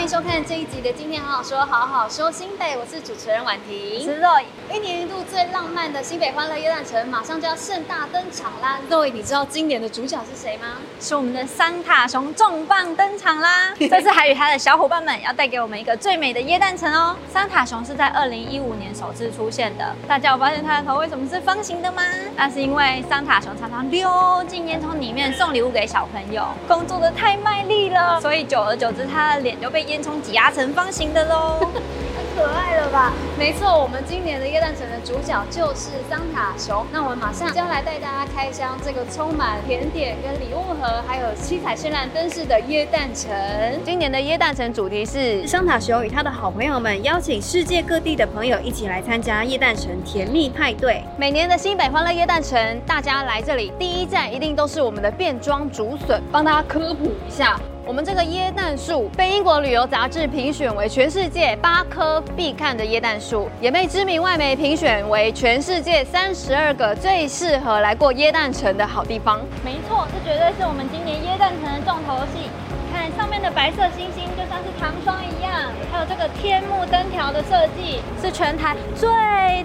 歡迎收看這一集的《今天好好說，好好說新北》，我是主持人婉婷。是若伊，一年一度最浪漫的新北歡樂耶誕城馬上就要盛大登場啦！若伊，你知道今年的主角是誰嗎？是我們的桑塔熊重磅登場啦！ 這次還與他的小夥伴們要帶給我們一個最美的耶誕城哦。桑塔熊是在二零一五年首次出現的，大家有發現它的頭為什麼是方形的嗎？那是因為桑塔熊常常溜進煙囪裡面送禮物給小朋友，工作得太賣力了，所以久而久之，它的臉就被。煙囪擠壓成方形的嘍，太可愛了吧！沒錯，我們今年的耶誕城的主角就是桑塔熊。那我們馬上就要來帶大家開箱這個充滿甜點跟禮物盒，還有七彩絢爛燈飾的耶誕城。今年的耶誕城主題是桑塔熊與他的好朋友們邀請世界各地的朋友一起來參加耶誕城甜蜜派對。每年的新北歡樂耶誕城，大家來這裡第一站一定都是我們的變裝竹筍，幫大家科普一下。我們這個耶誕樹被英國旅遊雜誌評選為全世界八棵必看的耶誕樹，也被知名外媒評選為全世界三十二個最適合來過耶誕城的好地方。沒錯，這絕對是我們今年耶誕城的重頭戲。上面的白色星星就像是糖霜一樣，還有這個天幕燈條的設計，是全台最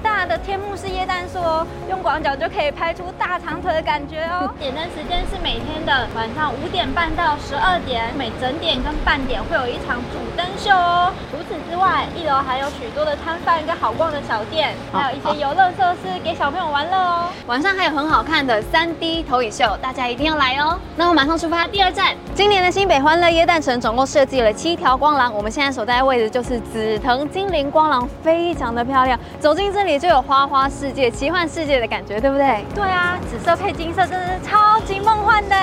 大的天幕式耶誕樹哦，用廣角就可以拍出大長腿的感覺哦。 點燈時間是每天的晚上五點半到十二點，每整點跟半點會有一場主燈秀哦。除此之外，一樓還有許多的攤販跟好逛的小店，還有一些遊樂設施給小朋友玩樂哦。晚上還有很好看的三 D 投影秀，大家一定要來哦。那我馬上出發第二站，今年的新北歡樂。在耶誕城總共設計了七條光廊，我們現在所在的位置就是紫藤精靈光廊，非常的漂亮。走進這裡就有花花世界、奇幻世界的感覺，對不對？對啊，紫色配金色真的是超級夢幻的，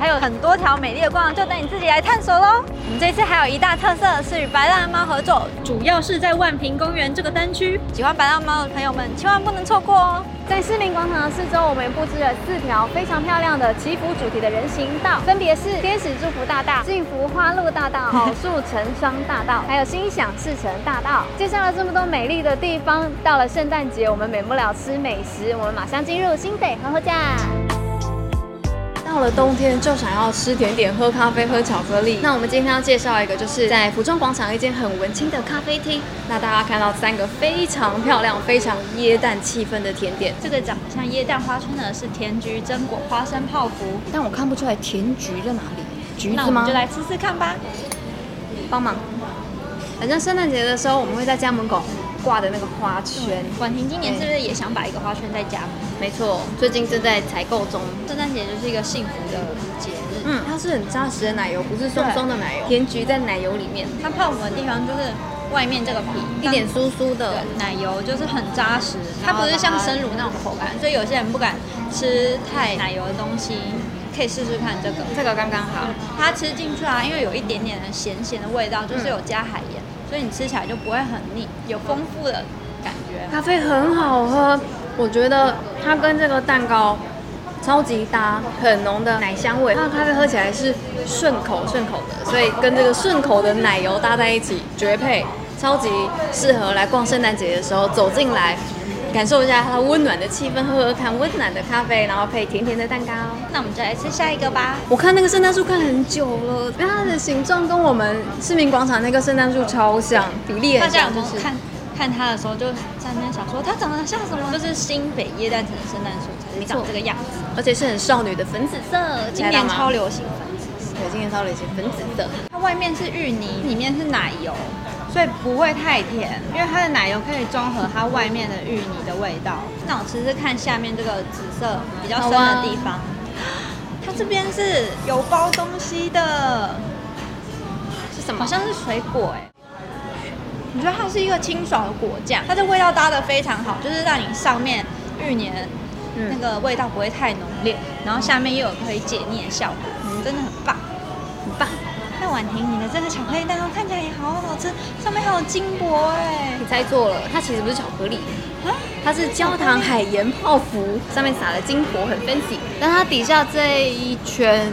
還有很多條美麗的光廊，就等你自己來探索嘍。我們這次還有一大特色是與白爛貓合作，主要是在萬坪公園這個單區，喜歡白爛貓的朋友們千萬不能錯過哦。在市民廣場的四周，我們佈置了四條非常漂亮的祈福主題的人行道，分別是天使祝福大道、幸福花路大道、好事成雙大道，還有心想事成大道。介紹了這麼多美麗的地方，到了聖誕節，我們免不了吃美食。我們馬上進入新北厚厚呷。到了冬天就想要吃甜點、喝咖啡、喝巧克力。那我們今天要介紹一個，就是在府中廣場一間很文青的咖啡廳。那大家看到三個非常漂亮、非常耶誕氣氛的甜點。這個長得像耶誕花圈的是甜菊榛果花生泡芙，但我看不出來甜菊在哪裡。橘子嗎？就來吃吃看吧。幫忙。反正聖誕節的時候，我們會在家門口。掛的那個花圈，婉婷，今年是不是也想擺一個花圈在家？欸、沒錯，最近正在採購中。聖誕節就是一個幸福的節日，嗯，它是很扎實的奶油，不是松松的奶油。對甜菊在奶油裡面，它泡芙的地方就是外面這個皮，跟一點酥酥的對奶油就是很扎實，它不是像生乳那種口感，嗯、所以有些人不敢吃太奶油的東西，可以試試看這個，這個剛剛好、嗯，它吃進去啊，因為有一點點的鹹咸的味道，就是有加海鹽。嗯所以你吃起來就不會很膩，有豐富的感覺。咖啡很好喝，我覺得它跟這個蛋糕超級搭，很濃的奶香味。它的咖啡喝起來是順口順口的，所以跟這個順口的奶油搭在一起，絕配，超級適合來逛聖誕節的時候走進來。感受一下它溫暖的氣氛，喝喝看溫暖的咖啡，然後配甜甜的蛋糕。那我們就來吃下一個吧。我看那個聖誕樹看了很久了，它的形狀跟我們市民廣場那個聖誕樹超像，比例也很像。大家有，有看、就是、看，看它的時候就在那邊想說它長得像什麼？就是新北耶誕城聖誕樹，你長這個樣子。沒錯。而且是很少女的粉紫色，今年超流行粉紫色。對，今年超流行粉紫色。色它外面是芋泥，裡面是奶油。對，不會太甜，因為它的奶油可以中和它外面的芋泥的味道。那我吃吃看下面這個紫色比較深的地方，啊、它這邊是有包東西的，是什麼？好像是水果哎。你覺得它是一個清爽的果醬，它的味道搭得非常好，就是讓你上面芋泥那個味道不會太濃烈，嗯、然後下面又有可以解膩的效果，我、嗯、真的很棒，很棒。那婉婷你的這個巧克力蛋糕看起來。好好吃，哦、上面還有金箔哎！你猜錯了，它其實不是巧克力，它是焦糖海鹽泡芙，上面撒的金箔很 fancy，但它底下這一圈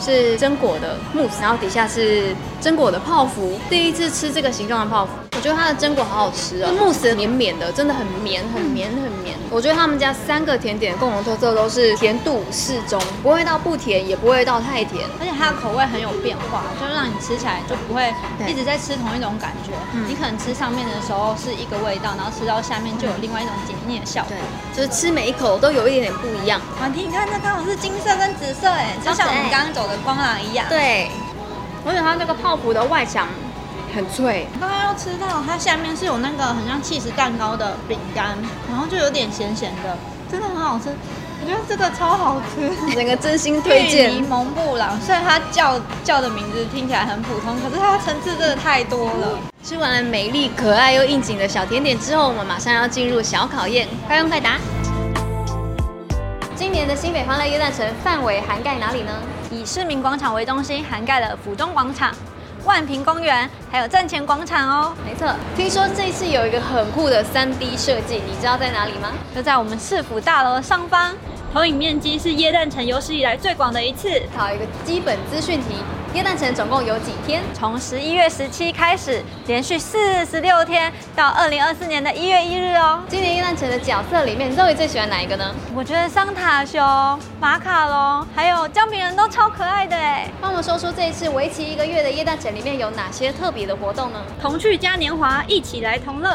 是榛果的慕斯，然後底下是榛果的泡芙，第一次吃這個形狀的泡芙。我覺得它的榛果好好吃啊，慕斯綿綿的，真的很綿很綿很綿。很綿。嗯、我覺得他們家三個甜點的共同特色都是甜度適中，不會到不甜，也不會到太甜。而且它的口味很有變化，就讓你吃起來就不會一直在吃同一種感覺。對你可能吃上面的時候是一個味道，然後吃到下面就有另外一種解膩的效果，就是吃每一口都有一點點不一樣。婉婷、啊，你看那剛好是金色跟紫色、欸，哎，就像我們剛剛走的光廊一樣。嗯、對，而且它那個泡芙的外牆。很脆，剛剛要吃到它下面是有那個很像氣 h 蛋糕的餅乾，然後就有點鹹鹹的，真的很好吃。我覺得這個超好吃， 整個真心推薦。芋檬布朗，雖然它叫叫的名字聽起來很普通，可是它的層次真的太多了。吃完了美麗可愛又應景的小甜點之後，我們馬上要進入小考驗，快用快答。今年的新北歡樂元旦城範圍涵蓋哪裡呢？以市民廣場為中心，涵蓋了府中廣場。萬坪公園，還有站前廣場哦。沒錯，聽說這次有一個很酷的三 D 設計，你知道在哪裡嗎？就在我們市府大樓的上方，投影面積是耶誕城有史以來最廣的一次。考一個基本資訊題。耶誕城總共有幾天？從十一月十七開始，連續四十六天，到二零二四年的一月一日哦。今年耶誕城的角色裡面，你到底最喜歡哪一個呢？我覺得桑塔熊、馬卡龍，還有薑餅人都超可愛的哎。幫我們說出，這一次為期一個月的耶誕城裡面有哪些特別的活動呢？童趣嘉年華，一起來同樂；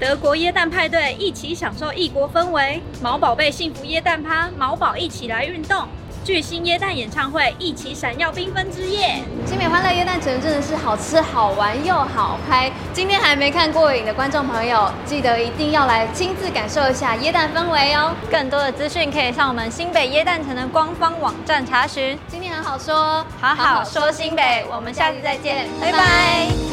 德國耶誕派對，一起享受異國氛圍；毛寶貝幸福耶誕趴，毛寶一起來運動。巨星耶誕演唱會，一起閃耀繽紛之夜！新北歡樂耶誕城真的是好吃、好玩又好拍。今天還沒看過癮的觀眾朋友，記得一定要來親自感受一下耶誕氛圍哦！更多的資訊可以上我們新北耶誕城的官方網站查詢。今天好好說，好好說新北，我們下集再見，拜拜。